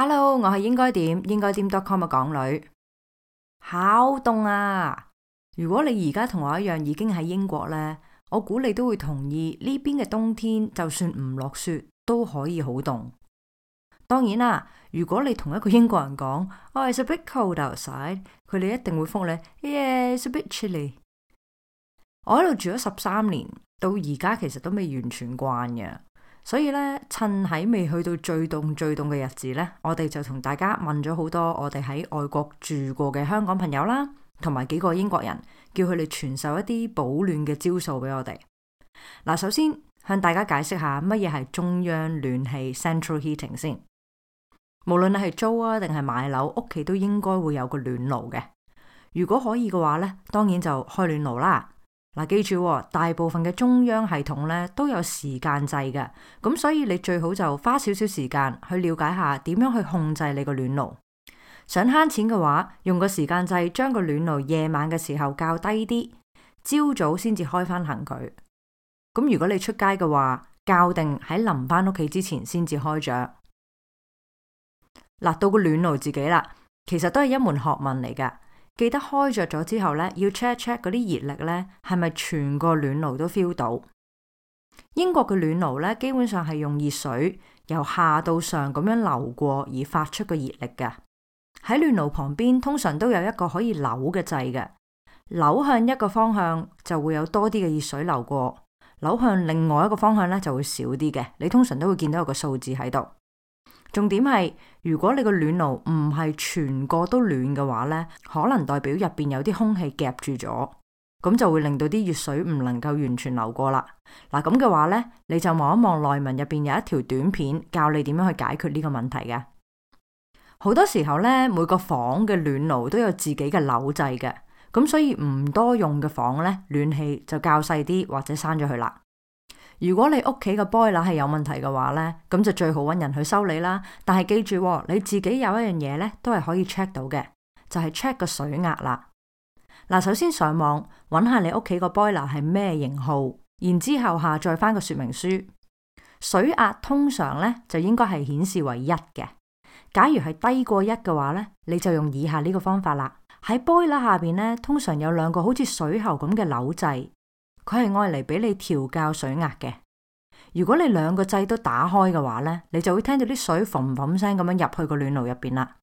Hello，我係應該點，應該點 .com 嘅港女，好凍啊！如果你而家同我一樣已經喺英國呢，我估，你都會同意呢邊嘅冬天就算唔落雪都可以好凍。當然啦、啊，如果你同一個英國人講，it's a bit cold outside，佢哋一定會覆你，yeah，it's a bit chilly。我喺度住咗十三年，到而家其實都未完全慣嘅。所以咧，趁喺未去到最凍最凍嘅日子咧，我哋就同大家問咗好多我哋喺外國住過嘅香港朋友啦，同埋幾個英國人，叫佢哋傳授一啲保暖嘅招數俾我哋。嗱，首先向大家解釋下乜嘢係中央暖氣 （central heating） 先。無論你係租啊定係買樓，屋企都應該會有個暖爐嘅。如果可以嘅話咧，當然就開暖爐啦。嗱，記住哦，大部分嘅中央系統咧都有時間制嘅，咁所以你最好就花少少時間去了解下點樣去控制你個暖爐。想慳錢嘅話，用個時間制將個暖爐夜晚嘅時候較低啲，朝早先至開翻行佢。咁如果你出街嘅話，校定喺臨返屋企之前先至開着。嗱，到個暖爐自己啦，其實都係一門學問嚟㗎。記得開着咗之後咧，要 check check 嗰啲熱力咧係咪全個暖爐都 feel 到。英國嘅暖爐咧，基本上係用熱水由下到上咁樣流過而發出個熱力嘅。喺暖爐旁邊通常都有一個可以扭嘅掣嘅，扭向一個方向就會有多啲嘅熱水流過，扭向另外一個方向咧就會少啲嘅。你通常都會見到有個數字喺度。重點係，如果你個暖爐唔係全個都暖嘅話咧，可能代表入邊有啲空氣夾住咗，咁就會令到啲熱水唔能夠完全流過啦。嗱，咁嘅話咧，你就望一望內文入邊有一條短片，教你點樣去解決呢個問題嘅。好多時候咧，每個房嘅暖爐都有自己嘅扭掣嘅，咁所以唔多用嘅房咧，暖氣就較細啲或者閂咗佢啦。如果你屋企個 boiler 係有問題嘅話咧，咁就最好揾人去修理啦。但係記住，你自己有一樣嘢咧都係可以 check 到嘅，就係、是、check 個水壓啦。嗱，首先上網揾下你屋企個 boiler 係咩型號，然之後下載翻個說明書。水壓通常咧就應該係顯示為一嘅。假如係低過一嘅話咧，你就用以下呢個方法啦。喺 boiler 下邊咧，通常有兩個好似水喉咁嘅扭掣。佢係愛嚟俾你調校水壓嘅。如果你兩個掣都打開嘅話呢，你就會聽到啲水嘭嘭聲咁樣入去個暖爐入邊啦。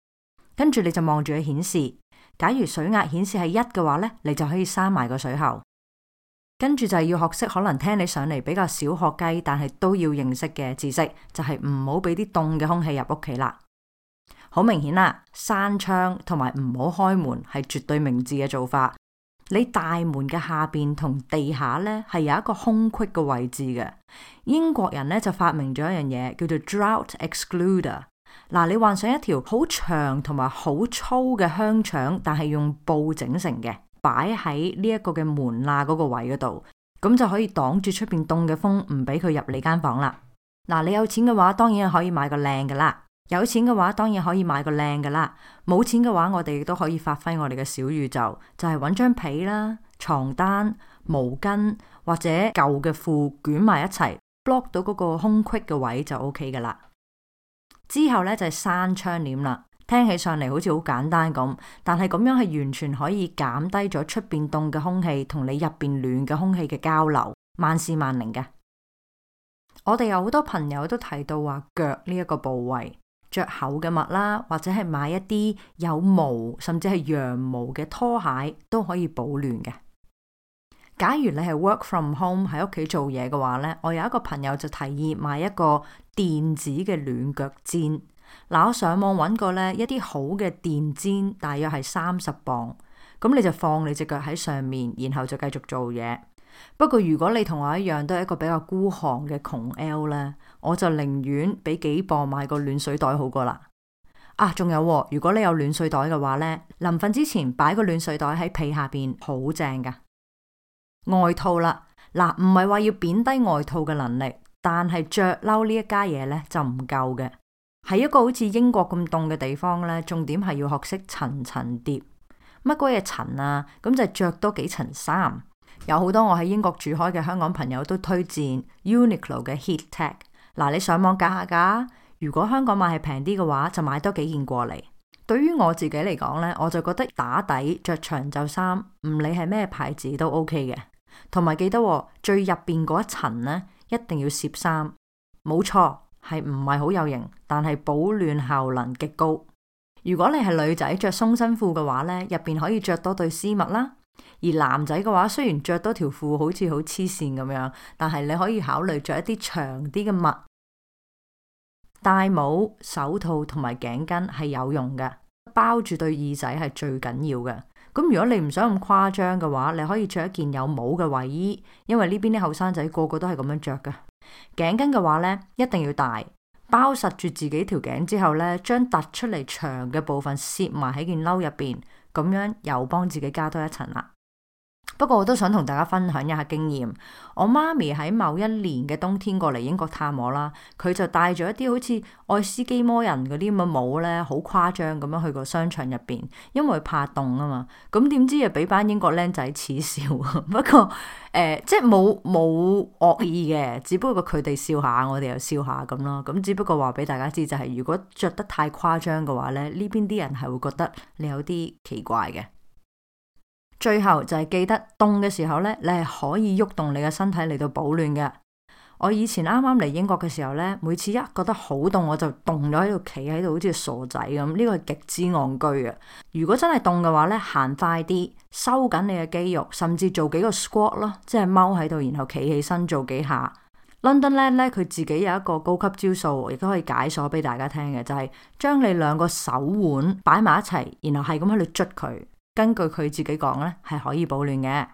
跟住你就望住佢顯示，假如水壓顯示係一嘅話呢，你就可以閂埋個水喉。跟住就係要學識，可能聽你上嚟比較少學雞，但係都要認識嘅知識就，就係唔好俾啲凍嘅空氣入屋企啦。好明顯啦，閂窗同埋唔好開門係絕對明智嘅做法。你大門嘅下邊同地下咧，係有一個空隙嘅位置嘅。英國人咧，就發明咗一樣嘢叫做 draught excluder。嗱，你幻想一條好長同埋好粗嘅香腸，但係用布整成嘅，擺喺呢一個嘅門罅嗰個位嗰度，咁就可以擋住出邊凍嘅風，唔俾佢入你間房啦。嗱，你有錢嘅話，當然可以買個靚噶啦。有錢嘅話，當然可以買個靚噶啦。冇錢嘅話，我哋亦都可以發揮我哋嘅小宇宙，就係揾張被啦、床單、毛巾或者舊嘅褲捲埋一齊，block 到嗰個空隙嘅位就 OK 噶啦。之後呢，就係閂窗簾啦。聽起上嚟好似好簡單咁，但係咁樣係完全可以減低咗出邊凍嘅空氣同你入邊暖嘅空氣嘅交流。萬事萬靈嘅，我哋有好多朋友都提到話腳呢一個部位。着厚嘅襪啦，或者係買一啲有毛，甚至係羊毛嘅拖鞋都可以保暖嘅。假如你係 work from home 喺屋企做嘢嘅話咧，我有一個朋友就提議買一個電子嘅暖腳氈。嗱，我上網搵過咧一啲好嘅電氈，大約係三十磅咁，你就放你隻腳喺上面，然後就繼續做嘢。不過如果你同我一樣都係一個比較孤寒嘅窮 L 咧，我就寧願俾幾磅買個暖水袋好過啦。啊，仲有、啊，如果你有暖水袋嘅話咧，臨瞓之前擺個暖水袋喺被下邊，好正噶。外套啦，嗱、啊，唔係話要貶低外套嘅能力，但係着褸呢一家嘢咧就唔夠嘅。喺一個好似英國咁凍嘅地方咧，重點係要學識層層疊乜鬼嘢層啊，咁就着多幾層衫。有好多我喺英國住開嘅香港朋友都推薦 Uniqlo 嘅 Heat Tech 嗱，你上網揀下架。如果香港買係平啲嘅話，就買多幾件過嚟。對於我自己嚟講呢，我就覺得打底着長袖衫，唔理係咩牌子都 O K 嘅。同埋記得、哦、最入邊嗰一層咧，一定要攝衫，冇錯，係唔係好有型，但係保暖效能極高。如果你係女仔着鬆身褲嘅話呢，入邊可以着多對絲襪啦。而男仔嘅話，雖然着多條褲好似好黐線咁樣，但係你可以考慮着一啲長啲嘅襪、戴帽、手套同埋頸巾係有用嘅，包住對耳仔係最緊要嘅。咁如果你唔想咁誇張嘅話，你可以着一件有帽嘅衛衣，因為呢邊啲後生仔個個都係咁樣着㗎。頸巾嘅話咧，一定要大，包實住自己條頸之後咧，將突出嚟長嘅部分攝埋喺件褸入邊。咁樣又幫自己加多一層啦。不過我都想同大家分享一下經驗。我媽咪喺某一年嘅冬天過嚟英國探我啦，佢就帶咗一啲好似愛斯基摩人嗰啲咁嘅帽咧，好誇張咁樣去個商場入邊，因為怕凍啊嘛。咁點知又俾班英國僆仔恥笑。 不過誒、呃，即係冇冇惡意嘅，只不過佢哋笑下，我哋又笑下咁咯。咁只不過話俾大家知，就是，就係如果着得太誇張嘅話咧，呢邊啲人係會覺得你有啲奇怪嘅。最後就係記得凍嘅時候咧，你係可以喐動你嘅身體嚟到保暖嘅。我以前啱啱嚟英國嘅時候咧，每次一覺得好凍，我就凍咗喺度，企喺度，好似傻仔咁。呢個係極之戇居啊！如果真係凍嘅話咧，行快啲，收緊你嘅肌肉，甚至做幾個 squat 咯，即係踎喺度，然後企起身做幾下。London 咧，咧佢自己有一個高級招數，亦都可以解鎖俾大家聽嘅，就係將你兩個手腕擺埋一齊，然後係咁喺度捽佢。根據佢自己講咧，係可以保暖嘅。